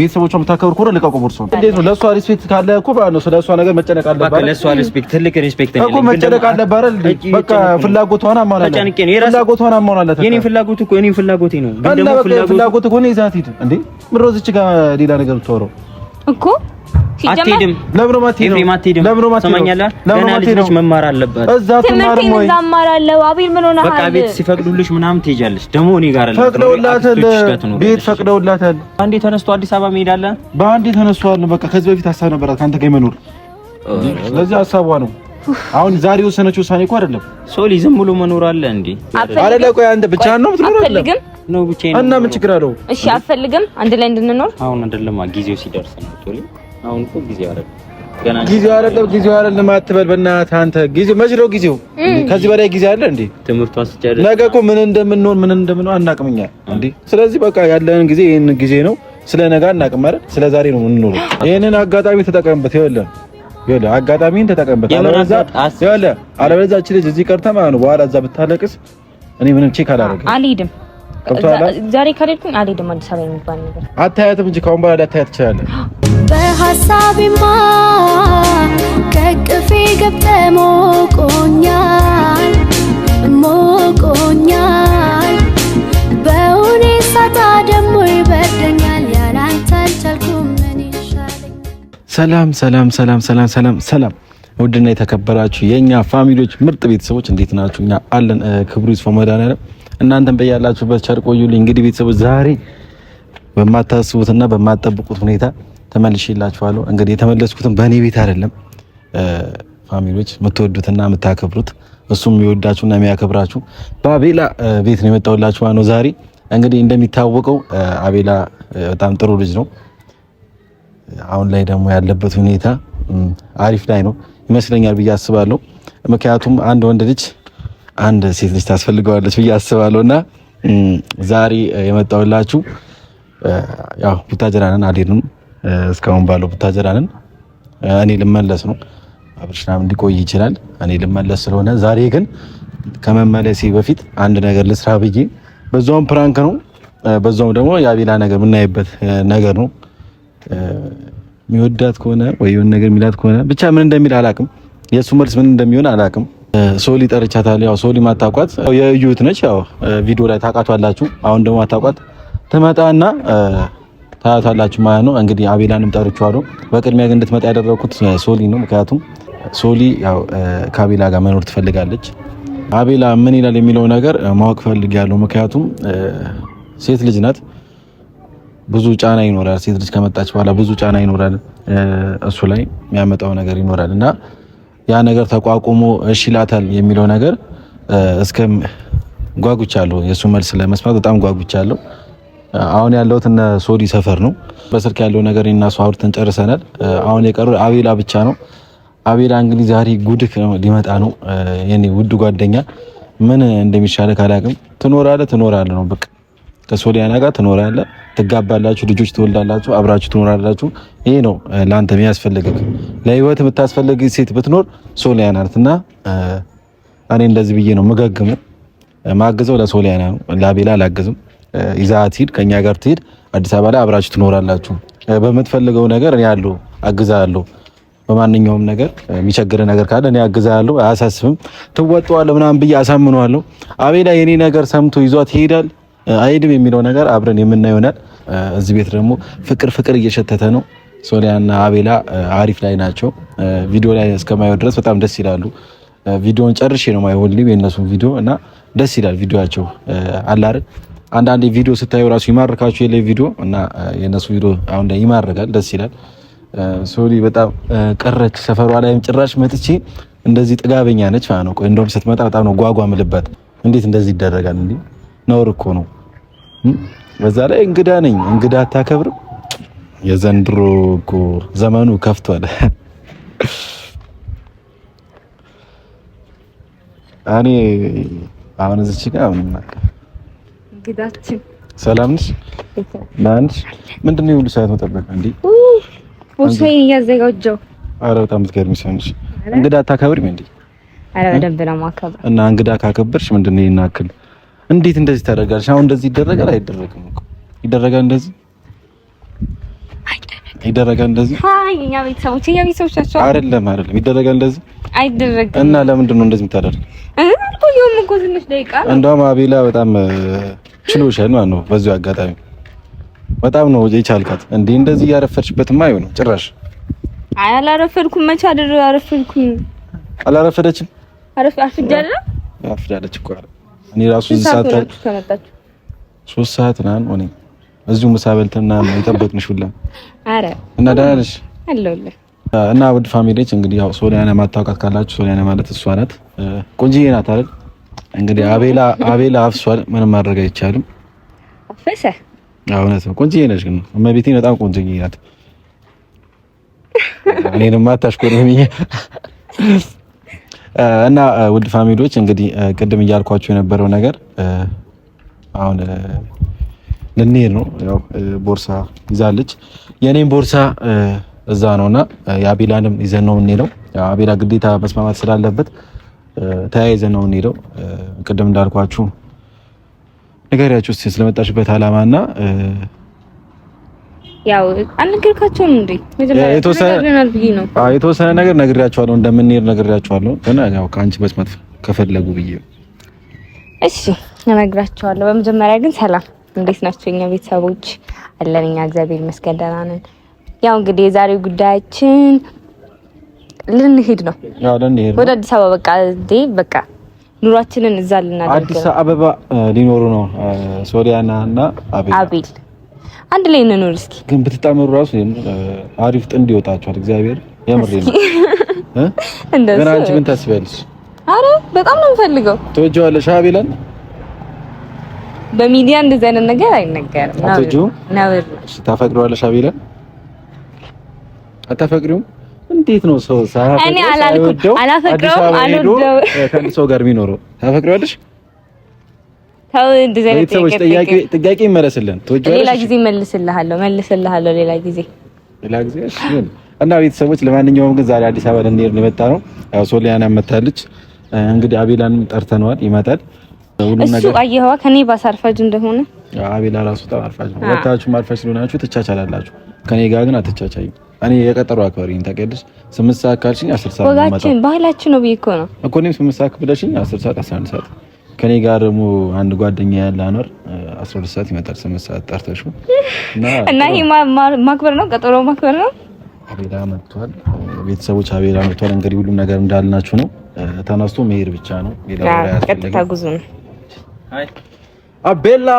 ቤተሰቦቿ የምታከብር ከሆነ ልቀቁ። ቦርሶ እንዴት ነው? ለእሷ ሪስፔክት ካለ እኮ ስለ እሷ ነገር መጨነቅ አለባት። ለእሷ ሪስፔክት ትልቅ ሪስፔክት እኮ መጨነቅ አለባት። በቃ ፍላጎቷን አሟላላት። ፍላጎቷን አሟላላት። የኔ ፍላጎት እኮ የኔ ፍላጎቴ ነው። ፍላጎት እኮ ነው። ይዛት ሂድ እንዴ ምሮዝች ጋር ሌላ ነገር ብትወረው እኮ አትሄድም ለምሮም አትሄድም መማር አለባት። እዛ ትማርም ወይ በቃ ቤት ሲፈቅዱልሽ ምናምን ትሄጃለሽ። ደግሞ እኔ ጋር ቤት ፈቅደውላታል። አንዴ ተነስቶ አዲስ አበባ እንሄዳለን። በአንዴ ተነስቷል። በቃ ከዚህ በፊት ሀሳብ ነበራት ከአንተ ጋር መኖር። ስለዚህ ሀሳቧ ነው አሁን ዛሬ የወሰነችው ውሳኔ እኮ አይደለም። ሶሊ ዝም ብሎ መኖር አለ እንዴ? አለ ቆይ፣ አንተ ብቻ ነው የምትኖረው? ነው ብቻ እና ምን ችግር አለው? እሺ አፈልግም አንድ ላይ እንድንኖር አሁን አይደለም ጊዜው ሲደርስ ነው ሶሊ አሁን እኮ ጊዜው አይደለም ገና ጊዜው አይደለም ጊዜው አይደለም አትበል በእናትህ አንተ ጊዜው መች ነው ጊዜው ከዚህ በላይ ጊዜ አለ እንዴ ትምህርቱ አስጨርስ ነገ እኮ ምን እንደምንሆን ምን እንደምንሆን አናውቅም እኛ እንዴ ስለዚህ በቃ ያለን ጊዜ ይሄን ጊዜ ነው ስለ ነገ አናውቅም አይደል ስለ ዛሬ ነው የምንኖረው ይሄንን አጋጣሚ ተጠቀምበት ይኸውልህ ይኸውልህ አጋጣሚን ተጠቀምበት አለበለዚያ ይኸውልህ አለበለዚያ እቺ ልጅ እዚህ ቀርታ ማለት ነው በኋላ እዛ ብታለቅስ እኔ ምንም ቼክ አላደርግም አልሄድም ዛሬ ካልሄድኩኝ አልሄድም። አዲስ አበባ የሚባል ነገር አታያትም እንጂ ከአሁን በኋላ በሀሳቢማ ከቅፌ ገብተ ሞቆኛል ሞቆኛል ሳታ ደግሞ ይበደኛል ያላንተ አልቻልኩም። ሰላም ሰላም ሰላም ሰላም ሰላም ሰላም ውድና የተከበራችሁ የእኛ ፋሚሊዎች ምርጥ ቤተሰቦች እንዴት ናችሁ? እኛ አለን። ክብሩ ይስፋ መድኃኒዓለም እናንተም በያላችሁበት ቸር ቆዩልኝ። እንግዲህ ቤተሰቦች ዛሬ በማታስቡትና በማጠብቁት ሁኔታ ተመልሼላችኋለሁ። እንግዲህ የተመለስኩትም በእኔ ቤት አይደለም። ፋሚሊዎች የምትወዱትና የምታከብሩት እሱም የሚወዳችሁና የሚያከብራችሁ በአቤላ ቤት ነው የመጣሁላችሁ ነው ዛሬ እንግዲህ እንደሚታወቀው አቤላ በጣም ጥሩ ልጅ ነው። አሁን ላይ ደግሞ ያለበት ሁኔታ አሪፍ ላይ ነው ይመስለኛል ብዬ አስባለሁ። ምክንያቱም አንድ ወንድ ልጅ አንድ ሴት ልጅ ታስፈልገዋለች ብዬ አስባለሁ እና ዛሬ የመጣሁላችሁ ያው ቡታጀራንን አልሄድንም እስካሁን ባለው ቡታጀራንን እኔ ልመለስ ነው። አብርሽናም ሊቆይ ይችላል። እኔ ልመለስ ስለሆነ ዛሬ ግን ከመመለሴ በፊት አንድ ነገር ልስራ ብዬ በዛውም ፕራንክ ነው፣ በዛውም ደግሞ የአቤላ ነገር የምናይበት ነገር ነው። የሚወዳት ከሆነ ወይ የሆነ ነገር የሚላት ከሆነ ብቻ ምን እንደሚል አላቅም። የእሱ መልስ ምን እንደሚሆን አላቅም። ሶሊ ጠርቻታለሁ። ያው ሶሊ ማታቋት የእዩት ነች። ያው ቪዲዮ ላይ ታውቃቷላችሁ። አሁን ደግሞ ማታቋት ትመጣና ታያቷላችሁ ማለት ነው። እንግዲህ አቤላንም ጠርቼዋለሁ። በቅድሚያ ግን እንድትመጣ ያደረኩት ሶሊ ነው። ምክንያቱም ሶሊ ያው ከአቤላ ጋር መኖር ትፈልጋለች። አቤላ ምን ይላል የሚለው ነገር ማወቅ ፈልጌያለሁ። ምክንያቱም ሴት ልጅ ናት፣ ብዙ ጫና ይኖራል። ሴት ልጅ ከመጣች በኋላ ብዙ ጫና ይኖራል፣ እሱ ላይ የሚያመጣው ነገር ይኖራል እና ያ ነገር ተቋቁሞ እሺ ይላታል የሚለው ነገር እስከ ጓጉቻለሁ። የእሱ መልስ ለመስማት በጣም ጓጉቻለሁ። አሁን ያለሁት እነ ሶዲ ሰፈር ነው። በስልክ ያለው ነገር እና እሱ አውርተን ጨርሰናል። አሁን የቀሩ አቤላ ብቻ ነው። አቤላ እንግዲህ ዛሬ ጉድ ሊመጣ ነው። የኔ ውድ ጓደኛ ምን እንደሚሻለ ካላቅም ትኖራለህ ትኖራለህ ነው በቃ ከሶሊያና ጋር ትኖራለ ትጋባላችሁ፣ ልጆች ትወልዳላችሁ፣ አብራችሁ ትኖራላችሁ። ይሄ ነው ለአንተ የሚያስፈልግህ። ለህይወት የምታስፈልግ ሴት ብትኖር ሶሊያና ናት። እና እኔ እንደዚህ ብዬ ነው መገግሙ ማግዘው ለሶሊያና ነው፣ ላቤላ አላግዝም። ይዛት ሂድ፣ ጋር ትሄድ፣ አዲስ አበባ ላይ አብራችሁ ትኖራላችሁ። በምትፈልገው ነገር እኔ አለሁ፣ አግዛለሁ። በማንኛውም ነገር የሚቸግር ነገር ካለ እኔ አግዛለሁ፣ አያሳስብም፣ ትወጣዋለህ ምናምን ብዬ አሳምነዋለሁ። አቤላ የኔ ነገር ሰምቶ ይዟት ይሄዳል። አይሄድም የሚለው ነገር አብረን የምናየው ይሆናል። እዚህ ቤት ደግሞ ፍቅር ፍቅር እየሸተተ ነው። ሶሊያና አቤላ አሪፍ ላይ ናቸው። ቪዲዮ ላይ እስከማየው ድረስ በጣም ደስ ይላሉ። ቪዲዮን ጨርሼ ነው ማየው ሁሌም የእነሱን ቪዲዮ እና ደስ ይላል ቪዲዮቸው አላር አንዳንዴ ቪዲዮ ስታዩ ራሱ ይማርካችሁ የለ ቪዲዮ እና የእነሱ ቪዲዮ አሁን ላይ ይማርጋል፣ ደስ ይላል። ሶሊ በጣም ቀረች ሰፈሯ ላይም ጭራሽ መጥቼ እንደዚህ ጥጋበኛ ነች ማለት ነው። እንደውም ስትመጣ በጣም ነው ጓጓ ምልበት። እንዴት እንደዚህ ይደረጋል? እንዲ ነውር እኮ ነው። በዛ ላይ እንግዳ ነኝ። እንግዳ አታከብርም። የዘንድሮ እኮ ዘመኑ ከፍቷል። እኔ አሁን እዚች ጋር እንግዳችን ሰላም ነሽ? ናንሽ ምንድነው ነው ሰዓት መጠበቅ እንዴ? ቦርሳዬን እያዘጋጀሁ። አረ በጣም ብትገርሚ ሰው እንግዳ አታከብሪም እንዴ? አረ በደንብ ነው የማከብር። እና እንግዳ ካከብርሽ ምንድነው ይናክል እንዴት እንደዚህ ታደርጋለሽ? አሁን እንደዚህ ይደረጋል? አይደረግም እኮ ይደረጋል። እንደዚህ ይደረጋል። እንደዚህ አይ፣ እኛ ቤተሰቦች እኛ ቤተሰቦች ናቸው። አይደለም፣ አይደለም፣ ይደረጋል። እንደዚህ አይደረግም። እና ለምንድን ነው እንደዚህ የምታደርገው? ቆየሁም እኮ ትንሽ ደቂቃ። እንደውም አቤላ በጣም ችሎሻል ማለት ነው። በዚሁ አጋጣሚ በጣም ነው የቻልካት። እንዴ እንደዚህ ያረፈድሽበትማ አይሆንም ጭራሽ። አይ አላረፈድኩም። መቼ አደረ አረፈድኩም? አላረፈደችም። አረፍ አፍጃለሁ። አፍጃለች እኮ አይደል እኔ ራሱ ሶስት ሰዓት ናን እዚሁ ምሳ የጠበቅንሽ ሁላ እና ደህና ነሽ እና ውድ ፋሚሊዎች እንግዲህ ያው ሶሊያና ካላችሁ ሶሊያና ማለት እሷ ናት። ናት አይደል? እንግዲህ አቤላ አቤላ አፍሷል። ምንም ማድረግ አይቻልም። አፈሰ እውነት ነው። ግን እመቤቴ፣ በጣም ናት። እኔንም አታሽኮርምኝ እና ውድ ፋሚሊዎች እንግዲህ ቅድም እያልኳቸው የነበረው ነገር አሁን ልንሄድ ነው። ያው ቦርሳ ይዛለች፣ የኔም ቦርሳ እዛ ነውና የአቤላንም ይዘን ነው የምንሄደው። አቤላ ግዴታ መስማማት ስላለበት ተያይዘን ነው የምንሄደው። ቅድም እንዳልኳችሁ ንገሪያችሁ ስለመጣችበት ዓላማና ያው የተወሰነ ነገር ነግሬያቸዋለሁ፣ እንደምንሄድ ነግሬያቸዋለሁ። ግን ያው ከአንቺ መስማት ከፈለጉ ብዬ እሺ እነግራቸዋለሁ። በመጀመሪያ ግን ሰላም፣ እንዴት ናቸው የኛ ቤተሰቦች? አለን እኛ እግዚአብሔር ይመስገን ደህና ነን። ያው እንግዲህ የዛሬው ጉዳያችን ልንሄድ ነው ወደ አዲስ አበባ። በቃ እንዴ በቃ ኑሯችንን እዛ ልናደርግ አዲስ አበባ ሊኖሩ ነው ሶሊያና እና አቤል አንድ ላይ እንኖር እስኪ። ግን ብትጣመሩ ራሱ አሪፍ ጥንድ ይወጣችኋል። እግዚአብሔር የምሬ ነው። ግን አንቺ ምን ታስቢያለሽ? አረ በጣም ነው የምፈልገው። ትወጂዋለሽ አቤላን። በሚዲያ እንደዚህ አይነት ነገር አይነገርም። አትወጂውም? ነውር። እሺ ታፈቅሪዋለሽ አቤላን? አታፈቅሪውም? እንዴት ነው ሰው ሳያፈቅር አላፈቅረውም አልወደው ከአንድ ሰው ጋር የሚኖረው ታፈቅሪዋለሽ? ቤተሰቦች ጥያቄ ይመለስልን። ሌላ ጊዜ መልስልሃለሁ፣ መልስልሃለሁ ሌላ ጊዜ ሌላ ጊዜ እና ቤተሰቦች፣ ለማንኛውም ግን ዛሬ አዲስ አበባ ልንሄድ ነው ነው። ያው ሶሊያና መታለች። እንግዲህ አቤላንም ጠርተነዋል፣ ይመጣል። እሱ አየኸዋ ከኔ ባሰ አርፋጅ እንደሆነ አቤላ ራሱ በጣም አርፋጅ ነው። ወጣችሁ ማርፋጅ ስለሆናችሁ ትቻቻላላችሁ። ከኔ ጋር ግን አትቻቻዩ። እኔ የቀጠሮ አክባሪ ነኝ ታውቂያለሽ። ስምንት ሰዓት ካልሽኝ አስር ሰዓት ነው። ወጋችን ባህላችን ነው ብዬሽ እኮ ነው እኮ እኔም ስምንት ሰዓት ብለሽኝ አስር ሰዓት አስራ አንድ ሰዓት ከኔ ጋር ደግሞ አንድ ጓደኛ ያለ አኗር 12 ሰዓት ይመጣል። 8 ሰዓት ጠርተሽ እና ይሄ ማክበር ነው፣ ቀጠሮ ማክበር ነው። አቤላ መጥቷል፣ ቤተሰቦች አቤላ መጥቷል። እንግዲህ ሁሉም ነገር እንዳልናችሁ ነው። ተነስቶ መሄድ ብቻ ነው። ቀጥታ ጉዞ ነው። አቤላ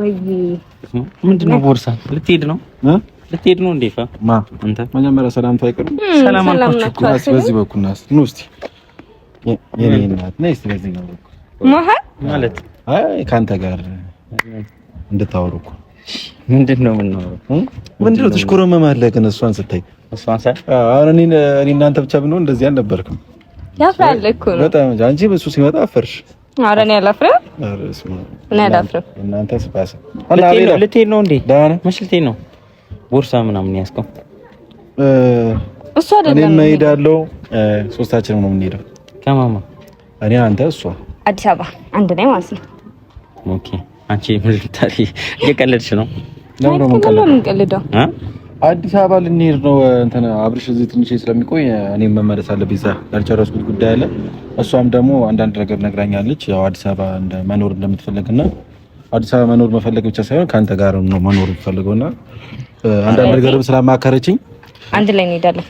ወይ ምንድን ነው? ቦርሳ ልትሄድ ነው ልትሄድ ነው? እንዴፋ ማ መጀመሪያ ሰላምታ አይቀርም። ሰላም አልኳችሁ። በዚህ በኩል ናስ ኑ እስቲ የኔ እናት ነይ እስቲ ነው እኮ ማለት አይ ከአንተ ጋር እንድታወሩ እኮ ምንድን ነው የምናወራው? ምንድን ነው ትሽኮረመማለህ? ግን እሷን ስታይ እሷን ሳይ አሁን እኔ እኔ እናንተ ብቻ ብንሆን እንደዚህ አልነበርክም። ያፍራል እኮ ነው በጣም አንቺ ሲመጣ አፈርሽ። እኔ አላፍርም፣ እኔ አላፍርም። እናንተ ነው እንዴ? መች ልትሄድ ነው? ቦርሳ ምናምን እሱ አይደለም። ሶስታችንም ነው የምንሄደው ከማማ እኔ፣ አንተ፣ እሷ አዲስ አበባ አንድ ላይ ማለት ነው። ኦኬ። አንቺ ምልታሪ እየቀለድሽ ነው? አዲስ አበባ ልንሄድ ነው። እንትን አብርሽ እዚህ ትንሽ ስለሚቆይ እኔ መመለስ አለብኝ። እዛ ያልጨረስኩት ጉዳይ አለ። እሷም ደግሞ አንዳንድ ነገር ነግራኛለች። ያው አዲስ አበባ መኖር እንደምትፈልግና አዲስ አበባ መኖር መፈለግ ብቻ ሳይሆን ከአንተ ጋር ነው መኖር የምፈልገውና አንዳንድ ነገርም ስላማከረችኝ አንድ ላይ እንሄዳለን።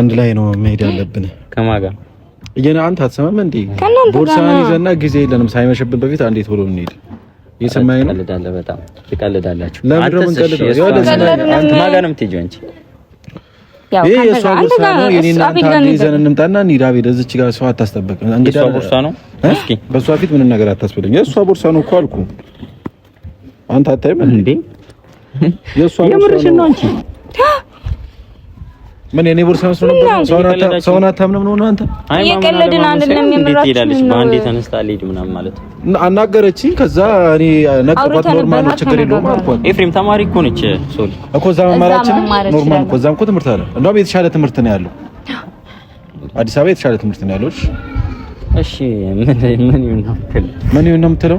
አንድ ላይ ነው መሄድ ያለብን ከማን ጋር እየና አንተ አትሰማም እንዴ? ቦርሳን ይዘና ጊዜ የለንም ሳይመሽብን በፊት አንዴ ቶሎ እንሂድ። እየሰማኝ ነው። በጣም ትቀልዳላችሁ። ለምን ነው የምንቀልደው? አንተ ማን ጋር ነው የምትሄጂው አንቺ? ይሄ የእሷ ቦርሳ ነው። የኔና አንተ አንዴ ይዘን እንምጣና እንሂድ። አቤል እዚች ጋር ሰው አታስጠብቅ። እንግዲህ የእሷ ቦርሳ ነው። እስኪ በእሷ ፊት ምንም ነገር አታስብልኝ። የእሷ ቦርሳ ነው እኮ አልኩህ። አንተ አታይም እንዴ? የእሷ ቦርሳ ነው አንቺ ምን የኔ ቦርሳ መስሎ ነበር። ሰውን አታምንም ነው አንተ። እየቀለድን አንድ ነው የሚያምራችሁ። አናገረችኝ። ከዛ እኔ ነገርኳት። ኖርማል ነው ችግር የለውም አልኳት። ኤፍሬም ተማሪ እኮ ነች ሶሊ እኮ እዛ መማራችን ኖርማል እኮ እዛም እኮ ትምህርት አለ። እንደውም የተሻለ ትምህርት ነው ያለው አዲስ አበባ የተሻለ ትምህርት ነው ያለው። እሺ እሺ ምን ምን ይሁን ነው የምትለው?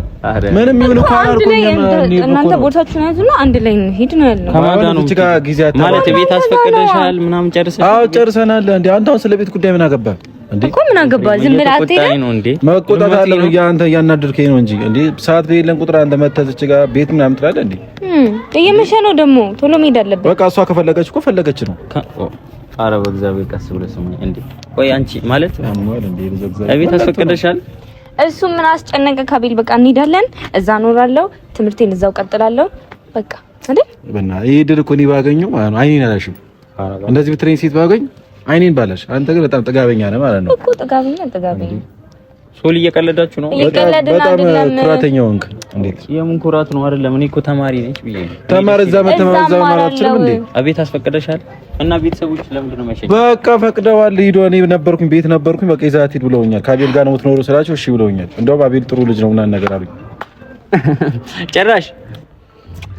ምን ምንም ይሁን እኮ አላልኩኝም። እናንተ ቦታችሁን ያዙና አንድ ላይ ሂድ ነው ያለው። ማለት ቤት አስፈቅደሻል ምናምን ጨርሰናል። አዎ ጨርሰናል። እንዴ አንተ አሁን ስለ ቤት ጉዳይ ምን አገባህ? እኮ ምን ዝም አንተ ነው እንጂ እንዴ ሰዓት ቤት እንዴ? እየመሸ ነው ቶሎ መሄድ አለበት። በቃ እሷ ከፈለገች እኮ ፈለገች ነው አረ በእግዚአብሔር ቀስ ብለህ ስማኝ። እንዴ ቆይ አንቺ ማለት እቤት አስፈቅደሻል? እሱ ምን አስጨነቀ? ከቤል በቃ እንሄዳለን። እዛ እኖራለሁ፣ ትምህርቴን እዛው ቀጥላለሁ። በቃ አይደል? በና ይሄ ድል እኮ እኔ ባገኘው አይኔን አላሽም። እንደዚህ ብትሬን ሴት ባገኝ አይኔን ባላሽ። አንተ ግን በጣም ጥጋበኛ ነህ ማለት ነው እኮ። ጥጋበኛ ጥጋበኛ ሶል እየቀለዳችሁ ነው። በጣም ኩራተኛ ወንክ። እንዴት የምን ኩራት ነው? አይደለም እኔ እኮ ተማሪ ነች ብዬ ተማሪ እዛ መተማመን ማራችንም እንዴ አቤት አስፈቅደሻል። እና ቤተሰቦች ለምንድን ነው መሸኘት? በቃ ፈቅደዋል። ሂዶ እኔ ነበርኩኝ ቤት ነበርኩኝ። በቃ ይዛት ሂድ ብለውኛል። ከአቤል ጋር ነው የምትኖሩ ስላቸው እሺ ብለውኛል። እንደውም አቤል ጥሩ ልጅ ነው ምናምን ነገር አሉኝ ጭራሽ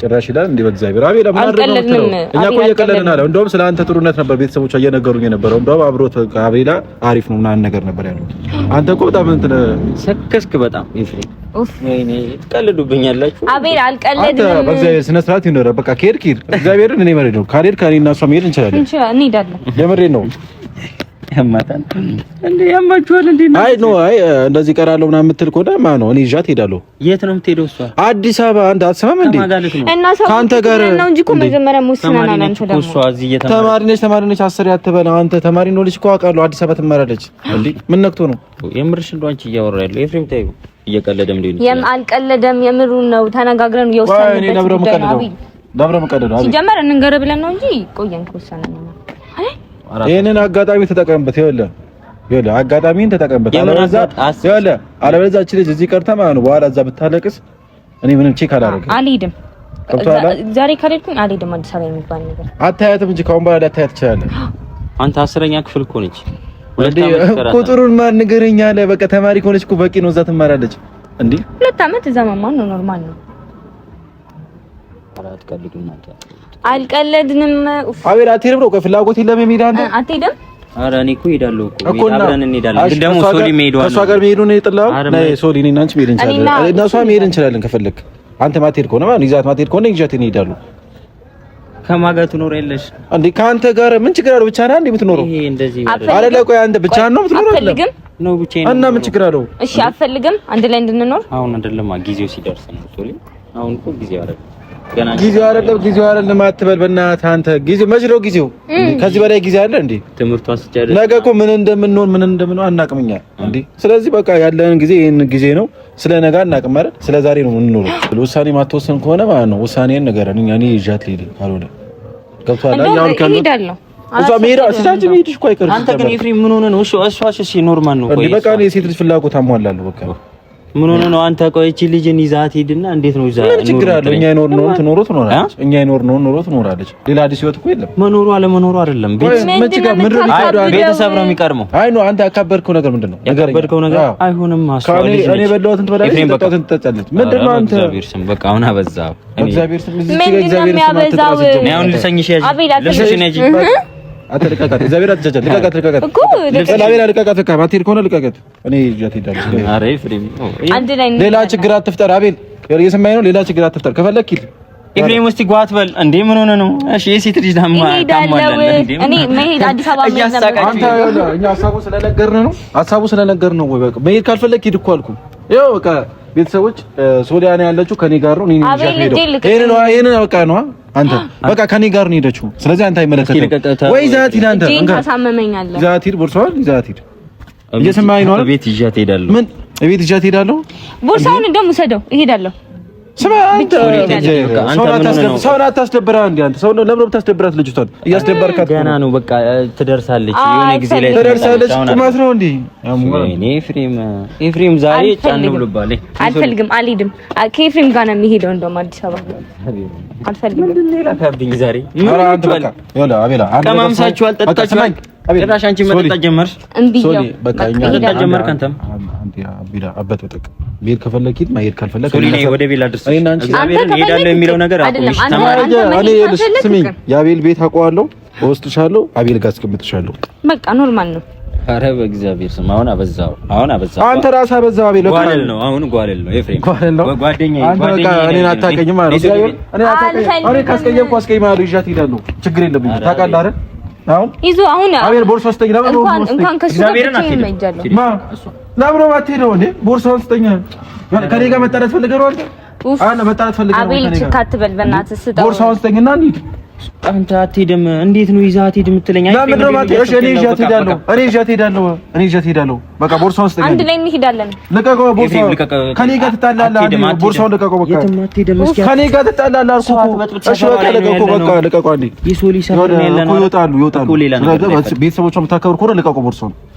ጭራሽ ይላል እንዴ! በእግዚአብሔር አቤል አልቀለድንም። እኛ እኮ እየቀለድን አለ። እንደውም ስለ አንተ ጥሩነት ነበር ቤተሰቦቿ እየነገሩኝ የነበረው። እንደውም አብሮት አቤላ አሪፍ ነው ምናምን ነገር ነበር ያሉት። አንተ እኮ በጣም እንትን ሰከስክ። በጣም ትቀልዱብኛላችሁ። አቤል አልቀለድንም። አንተ ስነ ስርዓት ይኖር። በቃ ነው ያማታል እንዴ? ያማችኋል እንዴ? አይ ኖ አይ እንደዚህ እቀራለሁ ምናምን የምትል ከሆነ ማን ነው እኔ ይዣት እሄዳለሁ። የት ነው የምትሄደው እሷ? አዲስ አበባ አንድ አትሰማም እንዴ? እና ሰው ካንተ ጋር ነው እንጂ እኮ መጀመሪያ ሙስና እሷ እዚህ እየተማረች ተማሪ ነች፣ ተማሪ ነች አስር ያትበል አንተ ተማሪ ነው ልጅ እኮ አውቃለሁ። አዲስ አበባ ትማራለች እንዴ? ምን ነክቶ ነው የምርሽ? እንደው አንቺ እያወራ ያለው ኤፍሬም ታዩ እየቀለደም ሊሆን ይችላል። አልቀለደም፣ የምሩን ነው ተነጋግረን የወሰንበት። ደብረ መቀደድ ደብረ መቀደድ ሲጀመር እንንገር ብለን ነው እንጂ ቆየን ከወሰነ ነው ይሄንን አጋጣሚ ተጠቀምበት። ይኸውልህ ይኸውልህ አጋጣሚን ተጠቀምበት። አለበለዚያ አለበለዚያ እቺ ልጅ እዚህ ቀርታ ማለት ነው በኋላ እዛ ብታለቅስ እኔ ምንም ቼክ አላደርግም። አልሄድም ዛሬ ካልሄድኩኝ አልሄድም። አዲስ አበባ የሚባል ነገር አታያትም እንጂ ከአሁን በኋላ ላታያት ትችላለህ። አንተ አስረኛ ክፍል እኮ ነች። ቁጥሩን ማን ንገረኛ አለ። በቃ ተማሪ ከሆነች እኮ በቂ ነው። እዛ ትማራለች። እንዴ ሁለት አመት እዛ መማር ነው ኖርማል ነው። አልቀለድንም። አቤል አትሄድም ነው ከፍላጎት የለም የሚሄድ አንተ አትሄድም አረ እኔ እኮ እሄዳለሁ እኮ አብረን እንሄዳለን። ግን ደግሞ ሶሊ መሄድ ዋናው ከእሷ ጋር መሄዱ ነው የጠላኸው? ሶሊ እኔና አንቺ መሄድ እንችላለን፣ እና እሷ መሄድ እንችላለን ከፈለግ። አንተ ማትሄድ ከሆነ ማለት ነው ይዛት ማትሄድ ከሆነ ይዣት ይሄዳሉ። ከማጋቱ ኖር የለሽ እንዴ? ከአንተ ጋር ምን ችግር አለው? ብቻ ነህ እንዴ የምትኖረው? ይሄ እንደዚህ አይደለ? ቆይ አንተ ብቻ ነው የምትኖረው? አልፈልግም ነው ብቻ እና ምን ችግር አለው? እሺ አፈልግም፣ አንድ ላይ እንድንኖር አሁን አይደለም ጊዜው ሲደርስ ነው ሶሊ። አሁን እኮ ጊዜው አይደለም ጊዜው አይደለም ጊዜው አይደለም አትበል፣ በእናትህ አንተ ጊዜው መች ነው ጊዜው? ከዚህ በላይ ጊዜ አለ እንዴ? ትምህርቷን አስቻለ ነገ እኮ ምን እንደምንሆን ምን እንደምንሆን አናውቅም እኛ እንዴ። ስለዚህ በቃ ያለን ጊዜ ይሄን ጊዜ ነው። ስለ ነገ አናውቅም አይደል? ስለ ዛሬ ነው የምንኖረው። ውሳኔ ማትወሰን ከሆነ ማለት ነው ውሳኔን ንገረን። እኛ እኔ ይዣት ልሄድ ካልሆነ ገብቷል። አሁን ከሉ እሷ መሄዳ ሲታጅ መሄድሽ እኮ አይቀርም። አንተ ግን ኤፍሬም ምን ሆነህ ነው? እሺ እሷ እሺ ኖርማል ነው። በቃ እኔ የሴት ልጅ ፍላጎት አሟላለሁ በቃ ምን ሆነ ነው አንተ? ቆይ እቺ ልጅን ይዛት ሄድና እንዴት ነው? ምን ችግር አለው? እኛ ይኖር ነው ትኖሩ ትኖራለች። እኛ ይኖር ነው ኖሮ ትኖራለች። ሌላ አዲስ ህይወት እኮ የለም። መኖሩ አለመኖሩ አይደለም። ቤተሰብ ነው የሚቀርመው። አይ ነው አንተ ያካበድከው ነገር ምንድን ነው? ያካበድከው ነገር አይሆንም። እኔ የበላሁትን ትበላለች፣ የጠጣሁትን ትጠጣለች። ምንድን ነው አንተ? እግዚአብሔር ስም በቃ አሁን አበዛኸው። እግዚአብሔር ስም እዚህ ጋር እግዚአብሔር ስም አትጥራ ስትል ነው አሁን ልሰኝሽ ያዥ ልብስሽን ያዥ አንተ ልቀቃት፣ እግዚአብሔር አትጃጃል። ልቀቃት፣ ሌላ ችግር አትፍጠር። አቤል እየሰማኸኝ ነው? ሌላ ችግር አትፍጠር። ከፈለክ ሂድ ውስጥ ጓት በል እንዴ! ምን ሆነ ነው? እሺ የሴት ልጅ ዳማ እኔ መሄድ አዲስ አበባ ነው። ሀሳቡ ስለነገርን ነው ወይ በቃ መሄድ ካልፈለክ ሂድ እኮ አልኩህ። ይኸው በቃ ቤተሰቦች ሶሊያ ነው ያለችው፣ ከኔ ጋር ነው። እኔ በቃ ነው አንተ በቃ ከኔ ጋር ነው ሄደችው። ስለዚህ አንተ አይመለከትም ወይ? ዛት ሂድ አንተ ዛት ሂድ፣ ቦርሳዋን ዛት ሂድ። እየሰማኸኝ ነው? ቤት ይዣት ሄዳለሁ። ምን ቤት ይዣት ሄዳለሁ? ቦርሳውን እንደውም ውሰደው፣ እሄዳለሁ ሰውን አታስደብራ። እንደ አንተ ሰው ለምን ልጅቷን እያስደበርካት ገና ነው። በቃ ትደርሳለች፣ የሆነ ጊዜ ላይ ትደርሳለች። ቁማት ነው እንዴ? ኤፍሬም ዛሬ ጫን ብሎባል። አልፈልግም፣ አልሄድም። ከኤፍሬም ጋር ነው የሚሄደው። እንደውም አዲስ አበባ አልፈልግም። ዛሬ ቀማምሳችኋል፣ ጠጣችኋል። ጭራሽ አንቺ መጠጣት ጀመርሽ። አበት ወጠቅ መሄድ ከፈለክ ሂድ፣ መሄድ ካልፈለክ የአቤል ቤት አውቀዋለሁ፣ እወስድሻለሁ፣ አቤል ጋር አስቀምጥሻለሁ። በቃ ኖርማል ነው። ኧረ በእግዚአብሔር ስም አሁን አበዛው፣ አሁን አበዛው። አንተ ራስህ አበዛው። አቤል ጓደል ነው፣ አሁን ጓደል ነው፣ ኤፍሬም ጓደል ነው። ጓደኛዬ ጓደኛዬ፣ እኔን አታውቅኝም ማለት ነው። እኔን አታውቅኝም። እኔ ካስቀየምኩ አስቀይማለሁ፣ ይዣት እሄዳለሁ፣ ችግር የለብኝም። ታውቃለህ አይደል? አሁን ይዞ አሁን አቤል ቦርሳ ውስጥ ይገባ እንኳን ከሱ ጋር ብቻዬን ነው ባቴ ነው እንዴ? እንደ ቦርሳውን ስጠኝ። ከኔ ጋር መጣላት ፈልገህ ነው አንተ? አሁን መጣላት ፈልገህ ነው አቤል? ችግር አትበል በእናትህ ስጠኝ። ቦርሳውን ስጠኝና እንሂድ። አንተ አትሄድም። እንዴት ነው ይዘህ አትሄድም የምትለኝ? ለምን ነው የማትሄድ? እሺ እኔ ይዣት እሄዳለሁ። እኔ ይዣት እሄዳለሁ። እኔ ይዣት እሄዳለሁ። በቃ ቦርሳውን ስጠኝ። አንድ ላይ እንሄዳለን። ልቀቀው። ቦርሳውን ከኔ ጋር ትጣላለህ። ቦርሳውን ልቀቀው። በቃ እስኪ ከኔ ጋር ትጣላለህ አልኩህ እሺ በቃ ልቀቀው። በቃ ልቀቀው። አንዴ ነው ያለነው። ይወጣሉ፣ ይወጣሉ። ቤተሰቦቿን የምታከብር ከሆነ ልቀቀው ቦርሳውን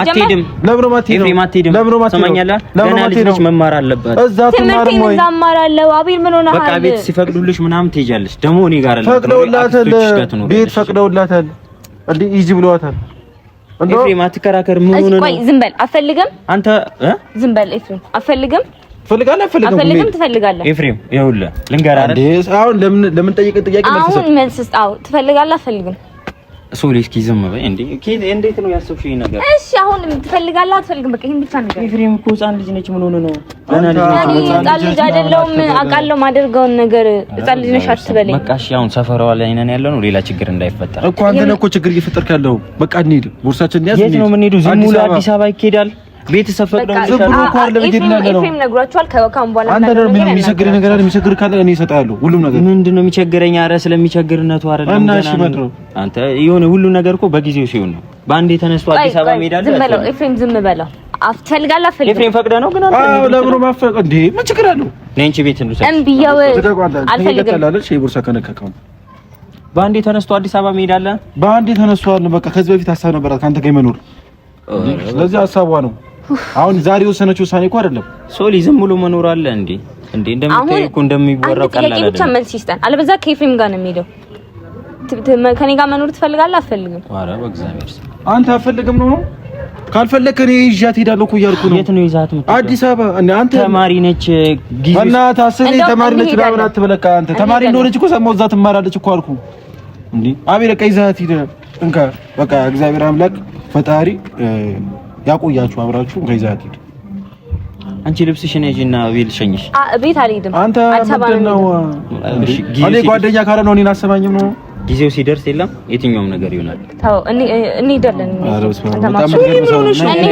አትሄድም ለብሮ ማትሄድ ነው ማትሄድ ነው ትሰማኛለህ። ገና ልጅ ነች መማር አለባት። እዛ ትማር ነው ትማራለህ። አቤል ምን ሆነሃል? በቃ ቤት ሲፈቅዱልሽ ምናምን ትሄጃለሽ። ደግሞ እኔ ጋር አለ ፈቅደውላታል። ቤት ፈቅደውላታል። እንዴ ይጂ ብለዋታል። ኤፍሬም አትከራከር። ምን ሆነ ነው? ቆይ ዝም በል አፈልግም። አንተ ዝም በል ኤፍሬም አፈልግም ትፈልጋለህ አፈልግም ትፈልጋለህ። ኤፍሬም ይኸውልህ ልንገርህ። አሁን ለምን ለምን ጠይቀህ ጥያቄ መልስ ሰጥ። አሁን መልስ አዎ ትፈልጋለህ አፈልግም ሶሪ እስኪ ዝም በይ እንዴ! ኬት እንዴት ነው ያሰብሽው ይሄ ነገር? እሺ አሁን ትፈልጋለህ አትፈልግም? በቃ ይሄን ብቻ ነገር። ኤፍሬም እኮ ህፃን ልጅ ነች። ምን ሆነ ነው? ገና ልጅ ነች። ህፃን ልጅ አይደለሁም አውቃለሁ ማደርገውን ነገር። ህፃን ልጅ ነሽ አትበለኝ። በቃ እሺ አሁን ሰፈሯ ላይ ነን ያለ ነው። ሌላ ችግር እንዳይፈጠር እኮ አንተ ነህ እኮ ችግር እየፈጠርክ ያለው። በቃ እንሂድ፣ ቦርሳችን እንያዝ። የት ነው የምንሄደው? ዝም ብሎ አዲስ አበባ ይኬዳል ቤተሰብ ፈቅደው ዝም ብሎ እኮ አይደለም የሚጀምረው ነው። ኤፍሬም ነግሯቸዋል። ከወካም በኋላ አንተ ደግሞ ምንም የሚቸግር ነገር አይደለም። የሚቸግር ካለ እኔ እሰጥሃለሁ ሁሉም ነገር። ምንድን ነው የሚቸግረኝ? ኧረ ስለሚቸግርነቱ አይደለም። እና እሺ መጥሮ አንተ የሆነ ሁሉ ነገር እኮ በጊዜው ሲሆን ነው። በአንዴ ተነስቶ አዲስ አበባ መሄድ አለ። ዝም በለው ኤፍሬም፣ ዝም በለው አትፈልጋለህ። ፈልግ ኤፍሬም ፈቅደህ ነው ግን አንተ አዎ፣ ለምን ነው ማፈቅ እንዴ? ምን ችግር አለው? ነኝ እንጂ ቤት እንድሰጥ እምብያው አልፈልግም። የቦርሳ ከነከከው በአንዴ ተነስቶ አዲስ አበባ መሄድ አለ። በአንዴ ተነስቶ በቃ ከዚህ በፊት ሀሳብ ነበራት ከአንተ ጋር መኖር። ስለዚህ ሀሳቧ ነው አሁን ዛሬ የወሰነችው ውሳኔ እኮ አይደለም። ሶሊ ዝም ብሎ መኖር አለ እንዴ? እንዴ እንደምታየው እኮ እንደሚወራው ቀላል አይደለም። ብቻ መልስ ይስጠን። አለበዛ ከኤፍሬም ጋር ነው የሚሄደው። ከኔ ጋር መኖር ትፈልጋለህ? አፈልግም። ኧረ በእግዚአብሔር አንተ አፈልግም ነው ነው ካልፈለክ እኔ ይዣት ሄዳለሁ እኮ እያልኩ ነው። የት ነው ይዛት? አዲስ አበባ። አንተ ተማሪ ነች እና ታስሬ ተማሪ ነች ምናምን አትበለካ። አንተ ተማሪ እንደሆነች እኮ ሰማሁ። እዛ ትማራለች እኮ አልኩ። እንዴ አቤ፣ በቃ ይዛት ሂድ። እንካ በቃ እግዚአብሔር አምላክ ፈጣሪ ያቆያችሁ አብራችሁ ከዛ አትሄድ። አንቺ ልብስሽን ያጂና ቤት ልሸኝሽ። ቤት አልሄድም። አንተ ምንድን ነው? እኔ ጓደኛ ካለ ነው እኔን አሰማኝም ነው ጊዜው ሲደርስ የለም የትኛውም ነገር ይሆናል። ተው እንሄዳለን፣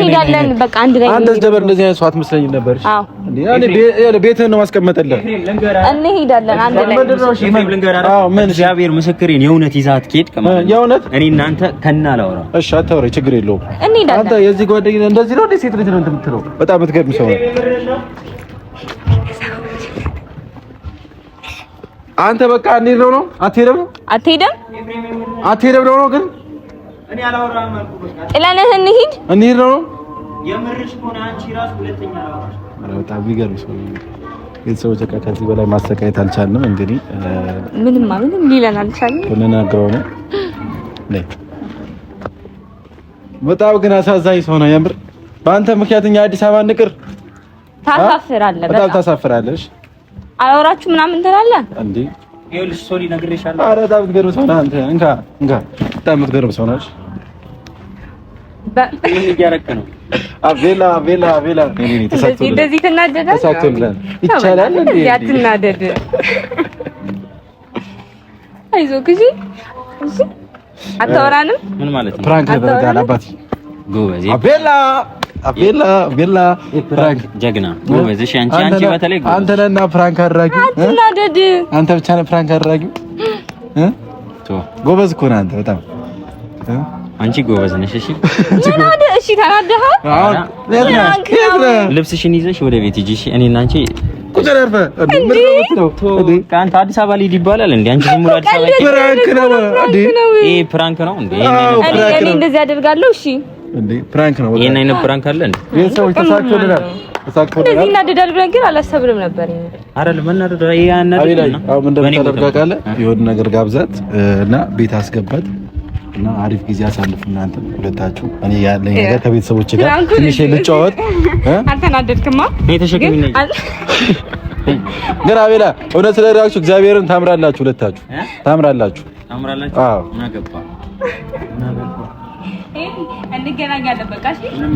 እንሄዳለን። በቃ አንድ ላይ አንተስ ደበር እንደዚህ አይነት ሰው አትመስለኝም ነበር። ቤትህን ነው ማስቀመጥልህ። እንሄዳለን አንድ ላይ። ምን እግዚአብሔር ምስክሬ የእውነት ይዛት ኬድ የእውነት እኔ እናንተ ከና ላውራ። እሺ አታውሪ፣ ችግር የለውም። አንተ የዚህ ጓደኛ እንደዚህ ነው። ሴት ልጅ ነው የምትለው በጣም የምትገርም ሰው ነው። አንተ በቃ እንዴት ነው ነው? አትሄደም ነው አትሄደም አትሄደም ነው ነው። ግን እኔ አላወራም አልኩ። በቃ ጥለንህ እንሂድ እንሂድ ነው ነው የምርሽ ሆነ አንቺ ራስ ሁለተኛ አላወራሽ። በጣም ይገርም ሰው ግን ሰው በቃ ከዚህ በላይ ማሰቃየት አልቻልንም። እንግዲህ ምንም ምንም ሊለን አልቻልንም። እንነግረው ነው ነይ። በጣም ግን አሳዛኝ ሰው ነው የምር። በአንተ ምክንያት እኛ አዲስ አበባ ንቅር ታሳፍራለህ፣ በጣም ታሳፍራለሽ። አላወራችሁ ምናምን እንላለን እንዴ? ይኸውልሽ ሶሪ ነግሬሻለሁ። ኧረ በጣም የምትገርም ሰው ነህ አንተ። እንካ እንካ፣ በጣም የምትገርም ሰው ነሽ። ምን እያደረክ ነው? አቤላ አቤላ አቤላ፣ እንደዚህ ትናደዳለህ? ተሳክቶልናል። ይቻላል እንዴ? አትናደድ። አይዞህ ጊዜ አታወራንም። ምን ማለት ነው? ፕራንክ አባቴ። ጎበዝ አቤላ ጀግና ጎበዝ። እሺ አንቺ አንቺ በተለይ አንተ ነህና ፕራንክ አድራጊው አንተ ብቻ ነህ ፕራንክ አድራጊው እ ጎበዝ እኮ ነህ አንተ በጣም አንቺ ጎበዝ ነሽ። እሺ እሺ፣ ተናደሃል። ልብስሽን ይዘሽ ወደ ቤት ሂጂ። እሺ እኔና አንቺ ከአንተ አዲስ አበባ ልሂድ ይባላል። እንደ አንቺ ዝም ብሎ አዲስ አበባ ፕራንክ ነው። ይሄ ፕራንክ እንደዚህ አደርጋለሁ። እሺ እንዴ ፕራንክ ነው። ይሄን አይነት ፕራንክ አለ እንዴ? ተሳክቶልናል። ነበር። የሆነ ነገር ጋብዛት እና ቤት አስገባት እና አሪፍ ጊዜ አሳልፍ እናንተ ሁለታችሁ። እኔ ያለኝ ነገር ከቤተሰቦች ጋር ትንሽ ልጫወት። ግን አቤላ እውነት ስለራችሁ እግዚአብሔርን ታምራላችሁ፣ ሁለታችሁ ታምራላችሁ። እንገናኛለን። በቃ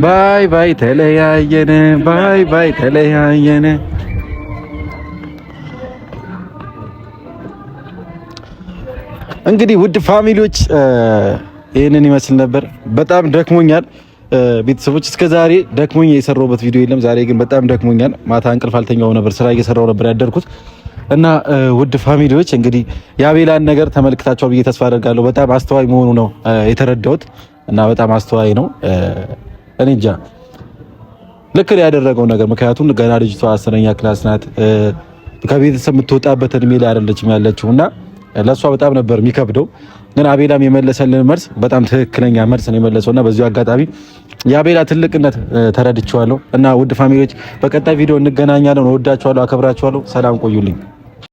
ባይ ባይ። ተለያየን፣ ባይ ባይ። ተለያየን። እንግዲህ ውድ ፋሚሊዎች ይህንን ይመስል ነበር። በጣም ደክሞኛል ቤተሰቦች እስከ ዛሬ ደክሞኝ የሰራሁበት ቪዲዮ የለም። ዛሬ ግን በጣም ደክሞኛል። ማታ እንቅልፍ አልተኛው ነበር፣ ስራ እየሰራው ነበር ያደርኩት እና ውድ ፋሚሊዎች እንግዲህ የአቤላን ነገር ተመልክታቸዋል ብዬ ተስፋ አደርጋለሁ። በጣም አስተዋይ መሆኑ ነው የተረዳሁት። እና በጣም አስተዋይ ነው። እኔ እንጃ ልክ ያደረገው ነገር ምክንያቱም ገና ልጅቷ አስረኛ ክላስ ናት። ከቤተሰብ የምትወጣበት እድሜ ላይ አይደለችም ያለችው እና ለእሷ በጣም ነበር የሚከብደው። ግን አቤላም የመለሰልን መልስ በጣም ትክክለኛ መልስ ነው የመለሰው እና በዚሁ አጋጣሚ የአቤላ ትልቅነት ተረድቼዋለሁ። እና ውድ ፋሚሊዎች በቀጣይ ቪዲዮ እንገናኛለን። ወዳችኋለሁ፣ አከብራችኋለሁ። ሰላም ቆዩልኝ።